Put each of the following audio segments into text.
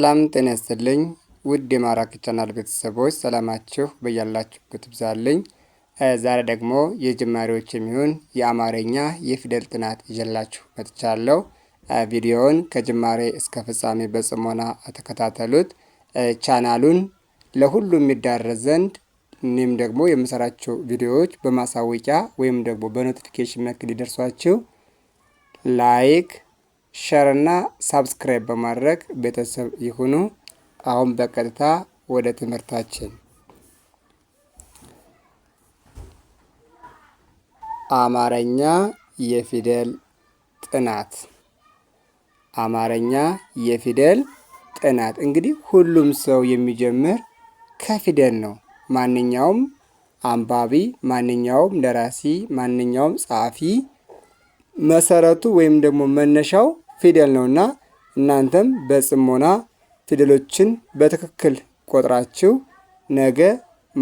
ሰላም ጤና ያስጥልኝ ውድ የማራኪ ቻናል ቤተሰቦች ሰላማችሁ በያላችሁበት ይብዛልኝ። ዛሬ ደግሞ የጀማሪዎች የሚሆን የአማርኛ የፊደል ጥናት ይዤላችሁ መጥቻለሁ። ቪዲዮውን ከጅማሬ እስከ ፍጻሜ በጽሞና ተከታተሉት። ቻናሉን ለሁሉም የሚዳረስ ዘንድ እኔም ደግሞ የምሰራቸው ቪዲዮዎች በማሳወቂያ ወይም ደግሞ በኖቲፊኬሽን መልክ ሊደርሷችሁ ላይክ ሸርና ሳብስክራይብ በማድረግ ቤተሰብ ይሁኑ። አሁን በቀጥታ ወደ ትምህርታችን አማረኛ የፊደል ጥናት አማረኛ የፊደል ጥናት እንግዲህ ሁሉም ሰው የሚጀምር ከፊደል ነው። ማንኛውም አንባቢ፣ ማንኛውም ደራሲ፣ ማንኛውም ጸሐፊ መሰረቱ ወይም ደግሞ መነሻው ፊደል ነውና እናንተም በጽሞና ፊደሎችን በትክክል ቆጥራችሁ ነገ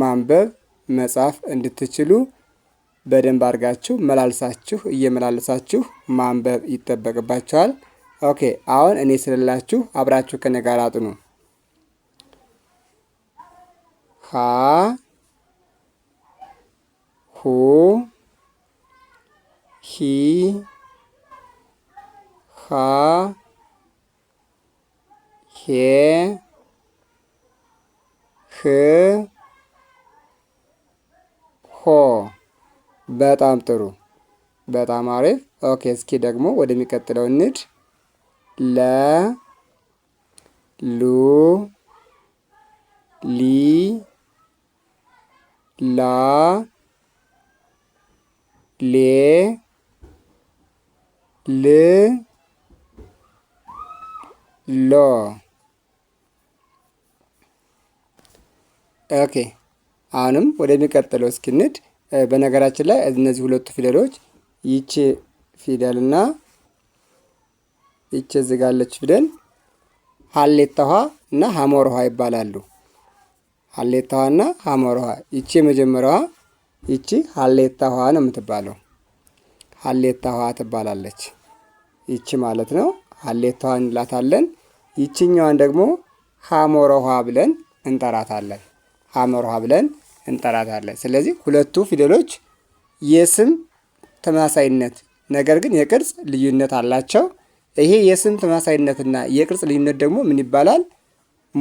ማንበብ መጻፍ እንድትችሉ በደንብ አድርጋችሁ መላልሳችሁ እየመላለሳችሁ ማንበብ ይጠበቅባችኋል። ኦኬ አሁን እኔ ስለላችሁ አብራችሁ ከኔ ጋር አጥኑ። ሀ ሁ ሂ ሃ ሄ ህ ሆ በጣም ጥሩ በጣም አሪፍ ኦኬ እስኪ ደግሞ ወደሚቀጥለው እንድ ለ ሉ ሊ ላ ሌ ል ሎ ኦኬ። አሁንም ወደሚቀጥለው እስኪንድ በነገራችን ላይ እነዚህ ሁለቱ ፊደሎች ይቺ ፊደልና ይቺ ዝጋለች ፊደል ሀሌታ ውሃ እና ሀሞር ውሃ ይባላሉ። ሀሌታ እና ሀሞር ውሃ። ይቺ የመጀመሪያዋ ይቺ ሀሌታ ውሃ ነው የምትባለው። ሀሌታ ውሃ ትባላለች። ይቺ ማለት ነው ሀሌታዋ እንላታለን። ይችኛዋን ደግሞ ሀሞረሃ ብለን እንጠራታለን። ሀሞረሃ ብለን እንጠራታለን። ስለዚህ ሁለቱ ፊደሎች የስም ተመሳሳይነት ነገር ግን የቅርጽ ልዩነት አላቸው። ይሄ የስም ተመሳሳይነትና የቅርጽ ልዩነት ደግሞ ምን ይባላል?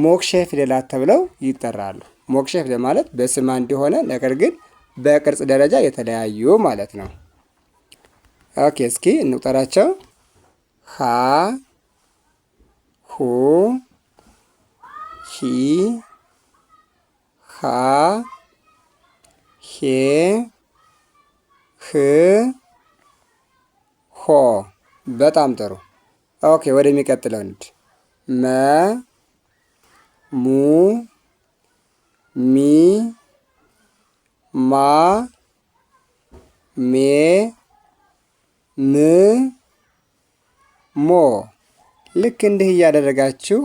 ሞክሼ ፊደላት ተብለው ይጠራሉ። ሞክሼ ፊደል ማለት በስም አንድ የሆነ ነገር ግን በቅርጽ ደረጃ የተለያዩ ማለት ነው። ኦኬ፣ እስኪ እንቁጠራቸው። ሀ ሁ ሂ ሃ ሄ ህ ሆ በጣም ጥሩ። ኦኬ ወደሚቀጥለው እንድ መ ሙ ሚ ማ ሜ ም ሞ ልክ እንዲህ እያደረጋችሁ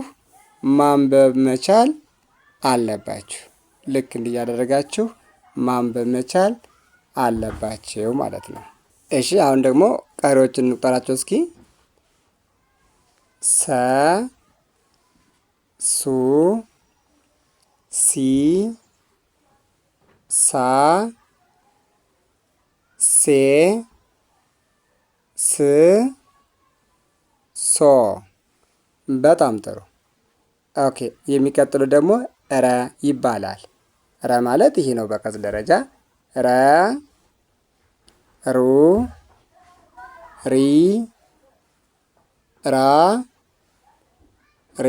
ማንበብ መቻል አለባችሁ። ልክ እንዲህ እያደረጋችሁ ማንበብ መቻል አለባችሁ ማለት ነው። እሺ አሁን ደግሞ ቀሪዎችን እንቁጠራቸው እስኪ ሰ ሱ ሲ ሳ ሴ ስ ሶ በጣም ጥሩ። ኦኬ የሚቀጥሉ ደግሞ ረ ይባላል። ረ ማለት ይሄ ነው በቀጽ ደረጃ ረ ሩ ሪ ራ ሬ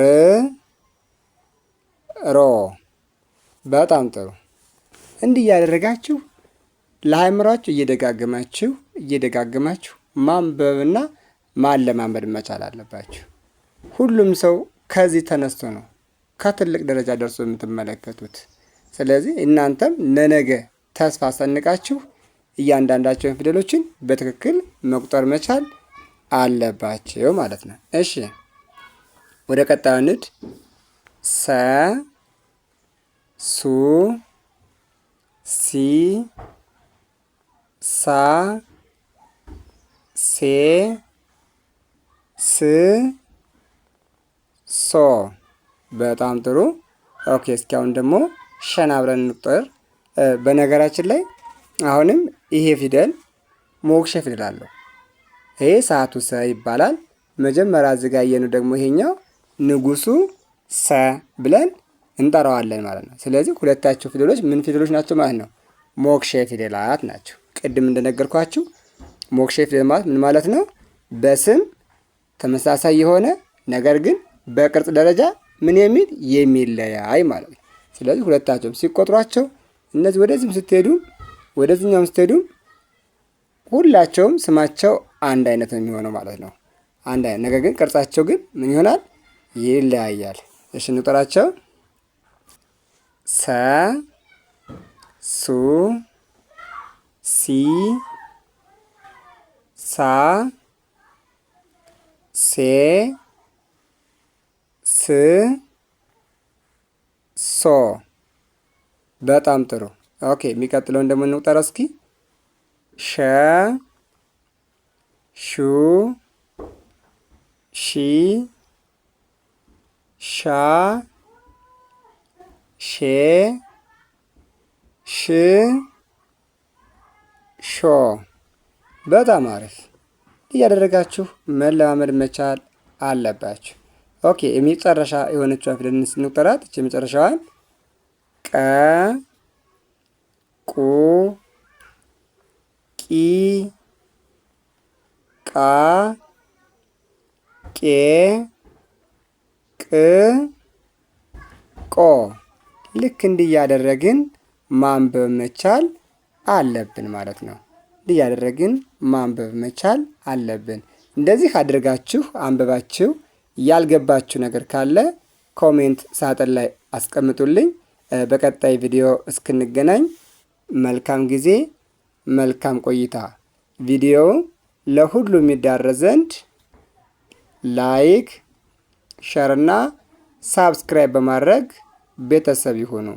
ር ሮ በጣም ጥሩ። እንዲህ እያደረጋችሁ ለአእምሯችሁ እየደጋገማችሁ እየደጋገማችሁ ማንበብና ማለማመድ መቻል አለባችሁ። ሁሉም ሰው ከዚህ ተነስቶ ነው ከትልቅ ደረጃ ደርሶ የምትመለከቱት። ስለዚህ እናንተም ለነገ ተስፋ አሰንቃችሁ እያንዳንዳቸውን ፊደሎችን በትክክል መቁጠር መቻል አለባቸው ማለት ነው። እሺ ወደ ቀጣዩ ንድ ሰ ሱ ሲ ሳ ሴ ስ ሶ በጣም ጥሩ። ኦኬ እስኪ አሁን ደግሞ ሸና ብለን እንቁጠር። በነገራችን ላይ አሁንም ይሄ ፊደል ሞክሸ ፊደል አለው። ይሄ ሰዓቱ ሰ ይባላል። መጀመሪያ አዘጋየነው ደግሞ ይሄኛው ንጉሱ ሰ ብለን እንጠራዋለን ማለት ነው። ስለዚህ ሁለታቸው ፊደሎች ምን ፊደሎች ናቸው ማለት ነው? ሞክሸ ፊደላት ናቸው። ቅድም እንደነገርኳችሁ ሞክሼፍ ፊደል ማለት ምን ማለት ነው? በስም ተመሳሳይ የሆነ ነገር ግን በቅርጽ ደረጃ ምን የሚል የሚለያይ ማለት ነው። ስለዚህ ሁለታቸውም ሲቆጥሯቸው እነዚህ ወደዚህም ስትሄዱም ወደዚህኛውም ስትሄዱም ሁላቸውም ስማቸው አንድ አይነት ነው የሚሆነው ማለት ነው። አንድ አይነት ነገር ግን ቅርጻቸው ግን ምን ይሆናል? ይለያያል። እሺ እንቁጠራቸው። ሰ ሱ ሲ sa se se so betam teru oke mika telo nda menu taraski sha shu shi sha she she sho በጣም አሪፍ እያደረጋችሁ መለማመድ መቻል አለባችሁ። ኦኬ የመጨረሻ የሆነችዋን ፊደል እንቁጠራት። ይህች የመጨረሻዋን ቀ ቁ ቂ ቃ ቄ ቅ ቆ ልክ እንዲህ እያደረግን ማንበብ መቻል አለብን ማለት ነው። እያደረግን ማንበብ መቻል አለብን። እንደዚህ አድርጋችሁ አንብባችሁ ያልገባችሁ ነገር ካለ ኮሜንት ሳጥን ላይ አስቀምጡልኝ። በቀጣይ ቪዲዮ እስክንገናኝ መልካም ጊዜ፣ መልካም ቆይታ። ቪዲዮ ለሁሉ የሚዳረስ ዘንድ ላይክ፣ ሸርና ሳብስክራይብ በማድረግ ቤተሰብ ይሁኑ።